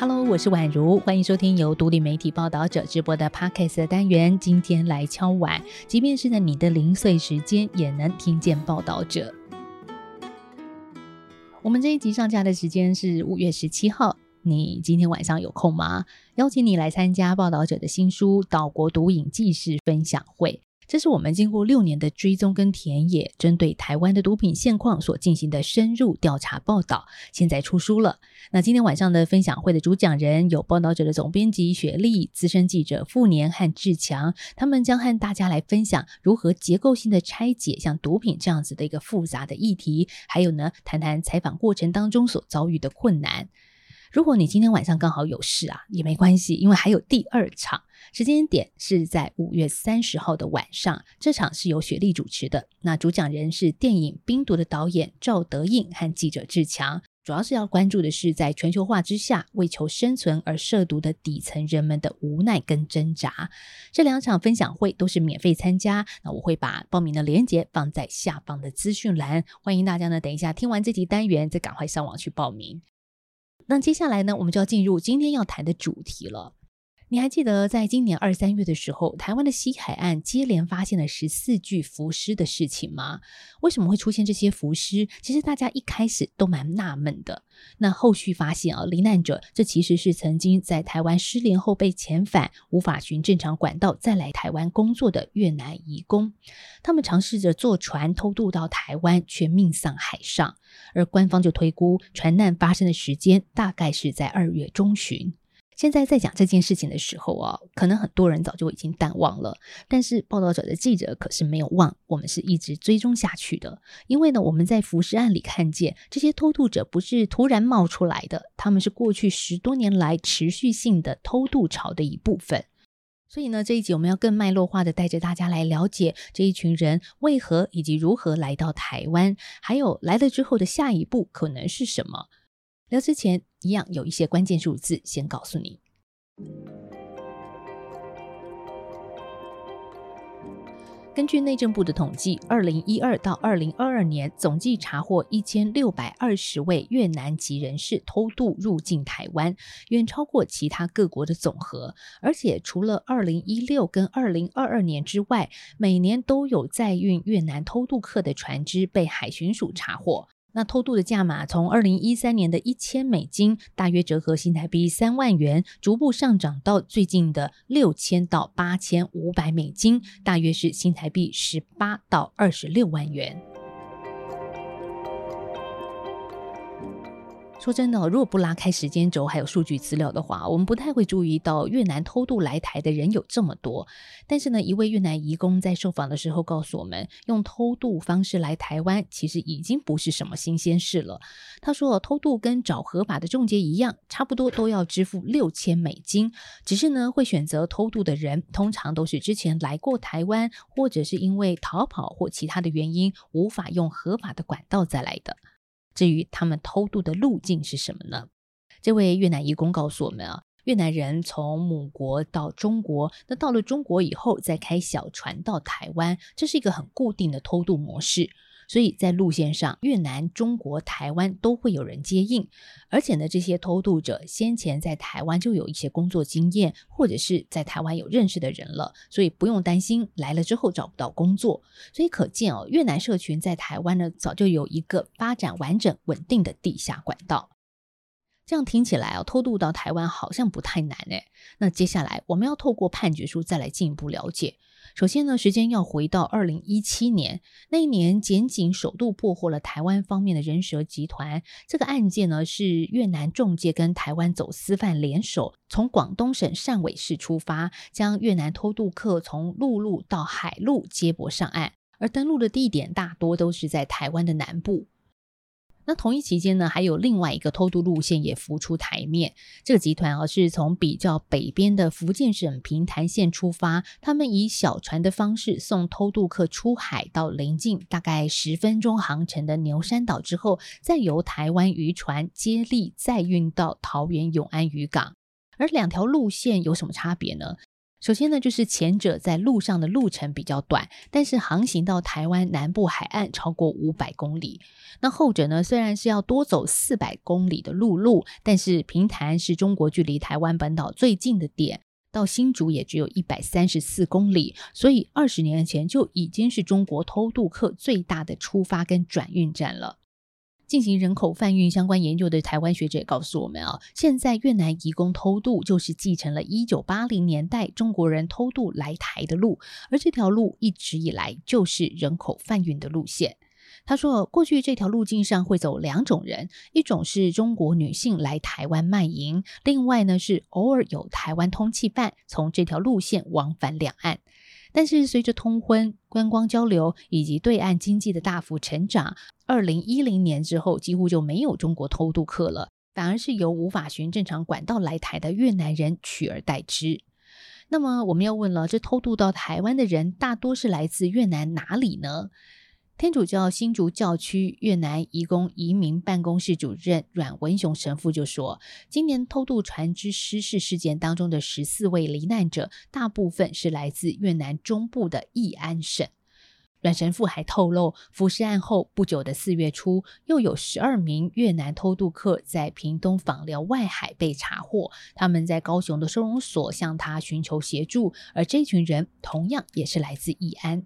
Hello，我是婉如，歡迎收聽由獨立媒體報導者直播的 Podcast 單元。今天來敲碗，即便是在你的零碎時間，也能聽見報導者。我們這一集上架的時間是五月十七號，你今天晚上有空嗎？邀請你來參加報導者的新書《島國毒癮紀事》分享會。這是我們經過六年的追蹤跟田野，針對台灣的毒品現況所進行的深入調查報道，現在出書了。那今天晚上的分享會的主講人有報道者的總編輯雪莉、資深記者傅年和志強，他們將和大家來分享如何結構性的拆解像毒品這樣子的一個複雜的議題，還有呢，談談採訪過程當中所遭遇的困難。如果你今天晚上剛好有事啊，也沒關係，因為還有第二場，時間點是在五月三十號的晚上。這場是由雪莉主持的，那主講人是電影《冰毒》的導演趙德胤和記者志強。主要是要關注的是，在全球化之下，為求生存而涉毒的底層人們的無奈跟掙扎。這兩場分享會都是免費參加，那我會把報名的鏈接放在下方的資訊欄，歡迎大家呢，等一下聽完這集單元，再趕快上網去報名。那接下來呢，我們就要進入今天要談的主題了。你還記得在今年二三月的時候，台灣的西海岸接連發現了十四具浮屍的事情嗎？為什麼會出現這些浮屍？其實大家一開始都蠻納悶的。那後續發現啊，罹難者這其實是曾經在台灣失聯後被遣返，無法循正常管道再來台灣工作的越南移工。他們嘗試着坐船偷渡到台灣，卻命喪海上。而官方就推估，船難發生的時間大概是在二月中旬。現在在講這件事情的時候啊，可能很多人早就已經淡忘了，但是報道者的記者可是沒有忘，我們是一直追蹤下去的。因為呢，我們在浮屍案裡看見這些偷渡者不是突然冒出來的，他們是過去十多年來持續性的偷渡潮的一部分。所以呢，這一集我們要更脈絡化的帶着大家來了解這一群人為何以及如何來到台灣，還有來了之後的下一步可能是什麼。聊之前，一樣有一些關鍵數字先告訴你。根據內政部的統計，二零一二到二零二二年，總計查獲一千六百二十位越南籍人士偷渡入境台灣，遠超過其他各國的總和。而且，除了二零一六跟二零二二年之外，每年都有載運越南偷渡客的船只被海巡署查獲。那偷渡的價碼從二零一三年的一千美金，大約折合新台幣三萬元，逐步上漲到最近的六千到八千五百美金，大約是新台幣十八到二十六萬元。說真的，如果不拉開時間軸，還有數據資料的話，我們不太會注意到越南偷渡來台的人有這麼多。但是呢，一位越南移工在受訪的時候告訴我們，用偷渡方式來台灣其實已經不是什麼新鮮事了。他說，偷渡跟找合法的仲介一樣，差不多都要支付六千美金。只是呢，會選擇偷渡的人通常都是之前來過台灣，或者是因為逃跑或其他的原因，無法用合法的管道再來的。至於他們偷渡的路徑是什麼呢？這位越南義工告訴我們啊，越南人從母國到中國，那到了中國以後再開小船到台灣，這是一個很固定的偷渡模式。所以在路線上，越南、中國、台灣都會有人接應，而且呢，這些偷渡者先前在台灣就有一些工作經驗，或者是在台灣有認識的人了，所以不用擔心來了之後找不到工作。所以可見哦，越南社群在台灣呢，早就有一個發展完整、穩定的地下管道。這樣聽起來啊、哦，偷渡到台灣好像不太難哎。那接下來我們要透過判決書再來進一步了解。首先呢，時間要回到二零一七年，那一年，檢警首度破獲了台灣方面的人蛇集團。這個案件呢，是越南仲介跟台灣走私犯聯手，從廣東省汕尾市出發，將越南偷渡客從陸路到海路接駁上岸，而登陸的地點大多都是在台灣的南部。那同一期間呢，還有另外一個偷渡路線也浮出台面。這個集團啊，是從比較北邊的福建省平潭縣出發，他們以小船的方式送偷渡客出海到臨，到鄰近大概十分鐘航程的牛山島之後，再由台灣漁船接力再運到桃園永安漁港。而兩條路線有什麼差別呢？首先呢，就是前者在路上的路程比較短，但是航行到台灣南部海岸超過五百公里。那後者呢，雖然是要多走四百公里的陸路，但是平潭是中國距離台灣本島最近的點，到新竹也只有一百三十四公里，所以二十年前就已經是中國偷渡客最大的出發跟轉運站了。進行人口販運相關研究的台灣學者告訴我們啊，現在越南移工偷渡就是繼承了1980年代中國人偷渡來台的路，而這條路一直以來就是人口販運的路線。他說，過去這條路徑上會走兩種人，一種是中國女性來台灣賣淫，另外呢是偶爾有台灣通緝犯從這條路線往返兩岸。但是隨着通婚、觀光交流以及對岸經濟的大幅成長，二零一零年之後幾乎就沒有中國偷渡客了，反而是由無法循正常管道來台的越南人取而代之。那麼我們要問了，這偷渡到台灣的人大多是來自越南哪裡呢？天主教新竹教區越南移工移民辦公室主任阮文雄神父就說，今年偷渡船只失事事件當中的十四位罹難者，大部分是來自越南中部的義安省。阮神父還透露，浮屍案後不久的四月初，又有十二名越南偷渡客在屏東枋寮外海被查獲，他們在高雄的收容所向他尋求協助，而這群人同樣也是來自義安。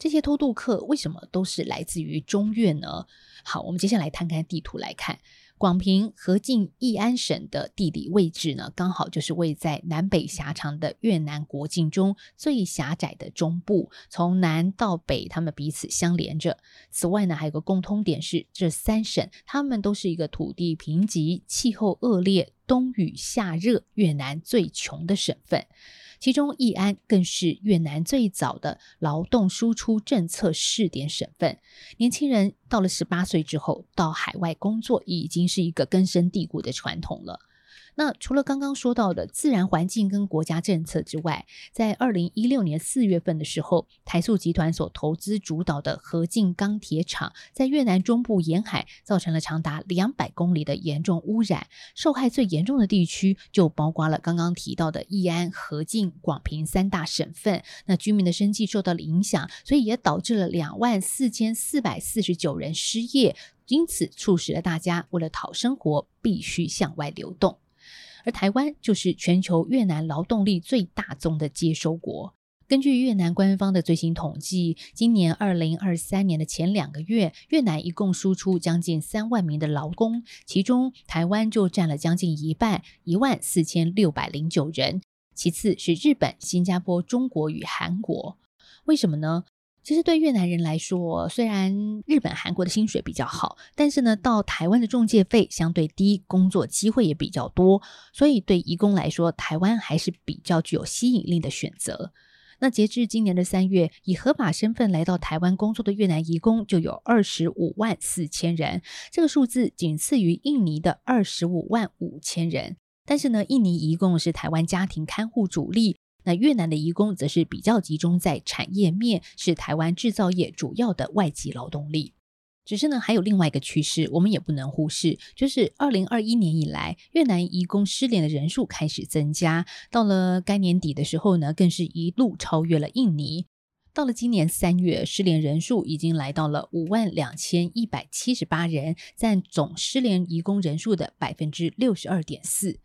這些偷渡客為什麼都是來自於中越呢？好，我們接下來看看地圖來看，廣平、河靜、義安省的地理位置呢，剛好就是位在南北狹長的越南國境中最狹窄的中部，從南到北，他們彼此相連着。此外呢，還有個共通點是，這三省他們都是一個土地貧瘠、氣候惡劣、冬雨夏熱、越南最窮的省份。其中，義安更是越南最早的勞動輸出政策試點省份。年輕人到了十八歲之後，到海外工作已經是一個根深蒂固的傳統了。那除了剛剛說到的自然環境跟國家政策之外，在二零一六年四月份的時候，台塑集團所投資主導的河靜鋼鐵廠，在越南中部沿海造成了長達兩百公里的嚴重污染，受害最嚴重的地區就包括了剛剛提到的義安、河靜、廣平三大省份。那居民的生計受到了影響，所以也導致了兩萬四千四百四十九人失業，因此促使了大家為了討生活必須向外流動。而台灣就是全球越南勞動力最大宗的接收國。根據越南官方的最新統計，今年二零二三年的前兩個月，越南一共輸出將近三萬名的勞工，其中台灣就占了將近一半，一萬四千六百零九人。其次是日本、新加坡、中國與韓國。為什麼呢？其實對越南人來說，雖然日本、韓國的薪水比較好，但是呢，到台灣的仲介費相對低，工作機會也比較多，所以對移工來說，台灣還是比較具有吸引力的選擇。那截至今年的三月，以合法身份來到台灣工作的越南移工就有二十五萬四千人，這個數字僅次於印尼的二十五萬五千人。但是呢，印尼移工是台灣家庭看護主力。那越南的移工則是比較集中在產業面，是台灣製造業主要的外籍勞動力。只是呢，還有另外一個趨勢，我們也不能忽視，就是二零二一年以來，越南移工失聯的人數開始增加，到了該年底的時候呢，更是一路超越了印尼。到了今年三月，失聯人數已經來到了五萬兩千一百七十八人，佔總失聯移工人數的百分之六十二點四。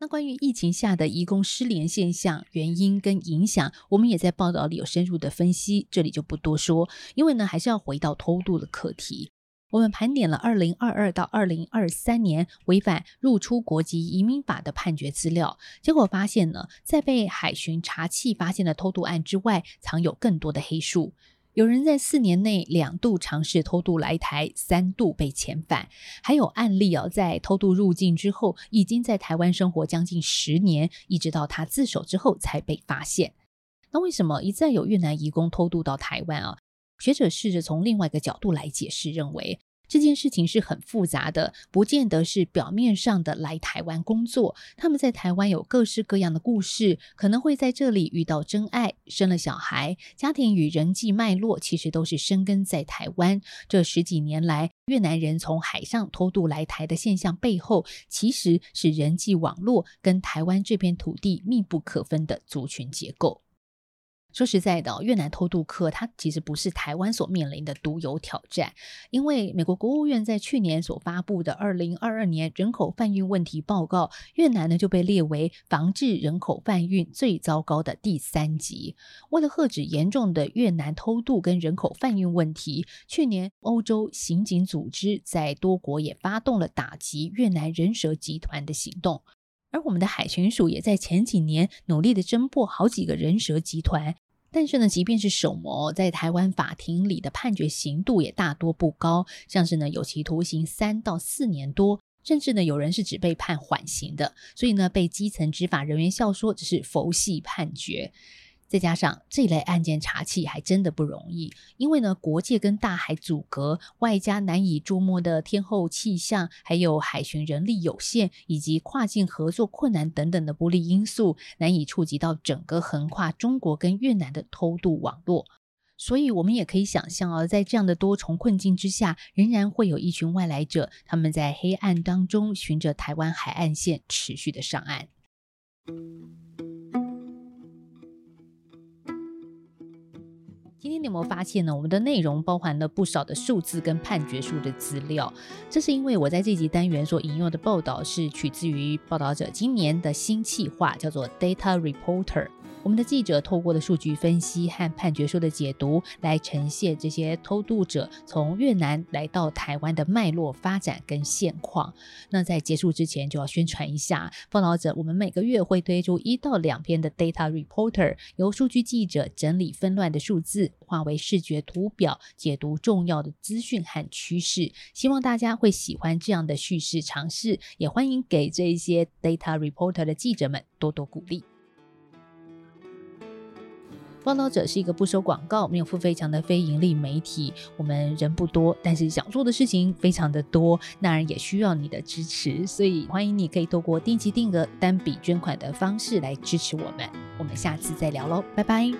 那關於疫情下的移工失聯現象、原因跟影響，我們也在報道裡有深入的分析，這裡就不多說。因為呢，還是要回到偷渡的課題。我們盤點了二零二二到二零二三年違反入出國及移民法的判決資料，結果發現呢，在被海巡查緝發現的偷渡案之外，藏有更多的黑數。有人在四年內兩度嘗試偷渡來台，三度被遣返。還有案例哦、啊，在偷渡入境之後，已經在台灣生活將近十年，一直到他自首之後才被發現。那為什麼一再有越南移工偷渡到台灣啊？學者試着從另外一個角度來解釋，認為。這件事情是很複雜的，不見得是表面上的來台灣工作。他們在台灣有各式各樣的故事，可能會在這裡遇到真愛，生了小孩，家庭與人際脈絡其實都是生根在台灣。這十幾年來，越南人從海上偷渡來台的現象背後，其實是人際網絡跟台灣這片土地密不可分的族群結構。說實在的，越南偷渡客它其實不是台灣所面臨的獨有挑戰，因為美國國務院在去年所發布的《二零二二年人口販運問題報告》，越南呢就被列為防治人口販運最糟糕的第三級。為了遏止嚴重的越南偷渡跟人口販運問題，去年歐洲刑警組織在多國也發動了打擊越南人蛇集團的行動。而我們的海巡署也在前幾年努力的偵破好幾個人蛇集團，但是呢，即便是首謀在台灣法庭裡的判決刑度也大多不高，像是呢有期徒刑三到四年多，甚至呢有人是只被判緩刑的，所以呢被基層執法人員笑說只是“佛系判決”。再加上這類案件查起還真的不容易，因為呢國界跟大海阻隔，外加難以捉摸的天候氣象，還有海巡人力有限，以及跨境合作困難等等的不利因素，難以觸及到整個橫跨中國跟越南的偷渡網絡。所以我們也可以想象啊、哦，在這樣的多重困境之下，仍然會有一群外來者，他們在黑暗當中循着台灣海岸線持續的上岸。今天你有沒有發現呢？我們的內容包含了不少的數字跟判決書的資料，這是因為我在這集單元所引用的報道是取自於報道者今年的新企劃，叫做 Data Reporter。我們的記者透過的數據分析和判決書的解讀，來呈現這些偷渡者從越南來到台灣的脈絡發展跟現況。那在結束之前，就要宣傳一下《報導者》。我們每個月會推出一到兩篇的 Data Reporter，由數據記者整理紛亂的數字，化為視覺圖表，解讀重要的資訊和趨勢。希望大家會喜歡這樣的敘事嘗試，也歡迎給這一些 Data Reporter 的記者們多多鼓勵。報道者是一個不收廣告、沒有付費牆的非盈利媒體，我們人不多，但是想做的事情非常的多，當然也需要你的支持，所以歡迎你可以透過定期定額、單筆捐款的方式來支持我們。我們下次再聊嘍，拜拜。